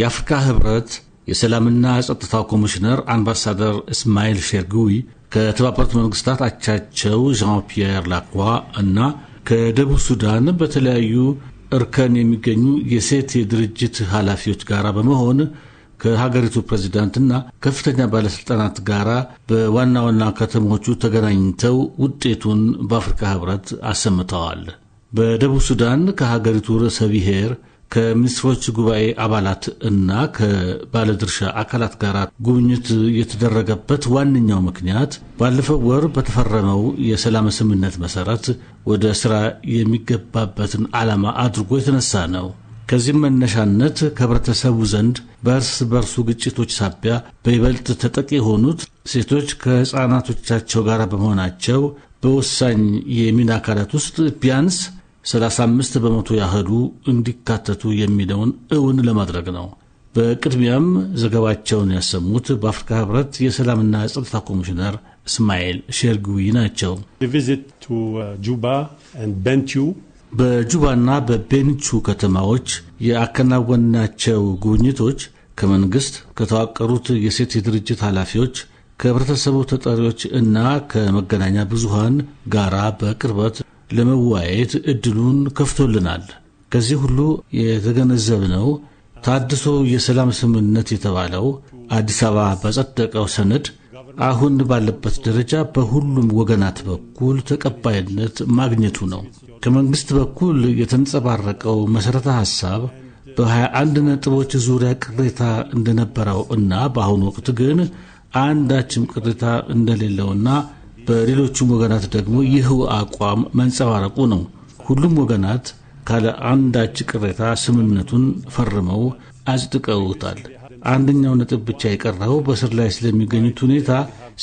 የአፍሪካ ህብረት የሰላምና ጸጥታ ኮሚሽነር አምባሳደር እስማኤል ሼርጉዊ ከተባበሩት መንግስታት አቻቸው ዣን ፒየር ላኳ እና ከደቡብ ሱዳን በተለያዩ እርከን የሚገኙ የሴት የድርጅት ኃላፊዎች ጋር በመሆን ከሀገሪቱ ፕሬዚዳንትና ከፍተኛ ባለሥልጣናት ጋር በዋና ዋና ከተሞቹ ተገናኝተው ውጤቱን በአፍሪካ ህብረት አሰምተዋል። በደቡብ ሱዳን ከሀገሪቱ ርዕሰ ብሔር ከሚኒስትሮች ጉባኤ አባላት እና ከባለድርሻ አካላት ጋር ጉብኝት የተደረገበት ዋነኛው ምክንያት ባለፈው ወር በተፈረመው የሰላም ስምምነት መሰረት ወደ ስራ የሚገባበትን ዓላማ አድርጎ የተነሳ ነው። ከዚህም መነሻነት ከህብረተሰቡ ዘንድ በእርስ በርሱ ግጭቶች ሳቢያ በይበልጥ ተጠቂ የሆኑት ሴቶች ከህፃናቶቻቸው ጋር በመሆናቸው በወሳኝ የሚና አካላት ውስጥ ቢያንስ 35 በመቶ ያህሉ እንዲካተቱ የሚለውን እውን ለማድረግ ነው። በቅድሚያም ዘገባቸውን ያሰሙት በአፍሪካ ህብረት የሰላምና የጸጥታ ኮሚሽነር እስማኤል ሼርጉዊ ናቸው። uh, በጁባና በቤንቹ ከተማዎች የአከናወናቸው ጉብኝቶች ከመንግስት ከተዋቀሩት የሴት የድርጅት ኃላፊዎች ከህብረተሰቡ ተጠሪዎች እና ከመገናኛ ብዙሃን ጋራ በቅርበት ለመወያየት እድሉን ከፍቶልናል። ከዚህ ሁሉ የተገነዘብነው ታድሶ የሰላም ስምምነት የተባለው አዲስ አበባ በጸደቀው ሰነድ አሁን ባለበት ደረጃ በሁሉም ወገናት በኩል ተቀባይነት ማግኘቱ ነው። ከመንግሥት በኩል የተንጸባረቀው መሠረተ ሐሳብ በሀያ አንድ ነጥቦች ዙሪያ ቅሬታ እንደነበረው እና በአሁኑ ወቅት ግን አንዳችም ቅሬታ እንደሌለውና በሌሎቹም ወገናት ደግሞ ይህው አቋም መንጸባረቁ ነው። ሁሉም ወገናት ካለ አንዳች ቅሬታ ስምምነቱን ፈርመው አጽድቀውታል። አንደኛው ነጥብ ብቻ የቀረው በስር ላይ ስለሚገኙት ሁኔታ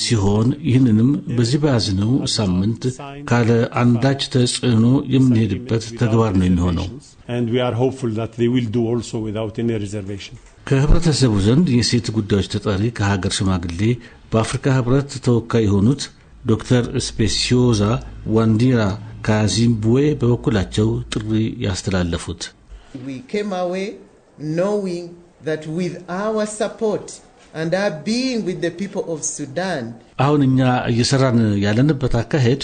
ሲሆን ይህንንም በዚህ በያዝነው ሳምንት ካለ አንዳች ተጽዕኖ የምንሄድበት ተግባር ነው የሚሆነው። ከህብረተሰቡ ዘንድ የሴት ጉዳዮች ተጠሪ ከሀገር ሽማግሌ በአፍሪካ ህብረት ተወካይ የሆኑት ዶክተር ስፔሲዮዛ ዋንዲራ ከዚምቡዌ በበኩላቸው ጥሪ ያስተላለፉት አሁን እኛ እየሰራን ያለንበት አካሄድ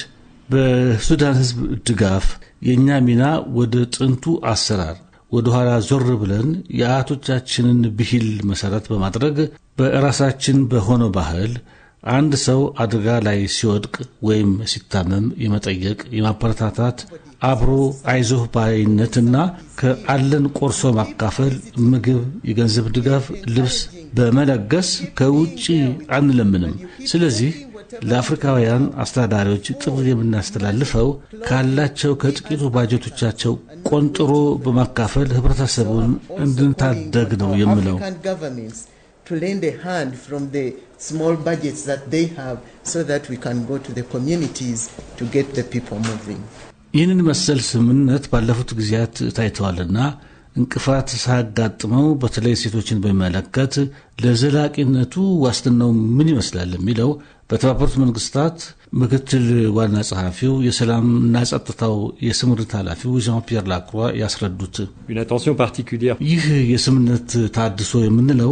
በሱዳን ሕዝብ ድጋፍ የእኛ ሚና ወደ ጥንቱ አሰራር ወደኋላ ዞር ብለን የአያቶቻችንን ብሂል መሰረት በማድረግ በራሳችን በሆነው ባህል አንድ ሰው አደጋ ላይ ሲወድቅ ወይም ሲታመም የመጠየቅ የማበረታታት አብሮ አይዞህ ባይነትና ከአለን ቆርሶ ማካፈል፣ ምግብ፣ የገንዘብ ድጋፍ፣ ልብስ በመለገስ ከውጭ አንለምንም። ስለዚህ ለአፍሪካውያን አስተዳዳሪዎች ጥሪ የምናስተላልፈው ካላቸው ከጥቂቱ ባጀቶቻቸው ቆንጥሮ በማካፈል ህብረተሰቡን እንድንታደግ ነው የምለው። small budgets that they have so that we can go to the communities to get the people moving. ይህንን መሰል ስምምነት ባለፉት ጊዜያት ታይተዋልና እንቅፋት ሳያጋጥመው በተለይ ሴቶችን በሚመለከት ለዘላቂነቱ ዋስትናው ምን ይመስላል የሚለው በተባበሩት መንግስታት ምክትል ዋና ጸሐፊው የሰላምና ጸጥታው የስምርት ኃላፊው ዣን ፒየር ላክሮ ያስረዱት ይህ የስምነት ታድሶ የምንለው